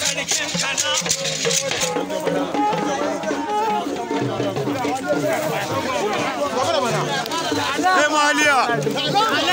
sarkin kana Hey, Malia!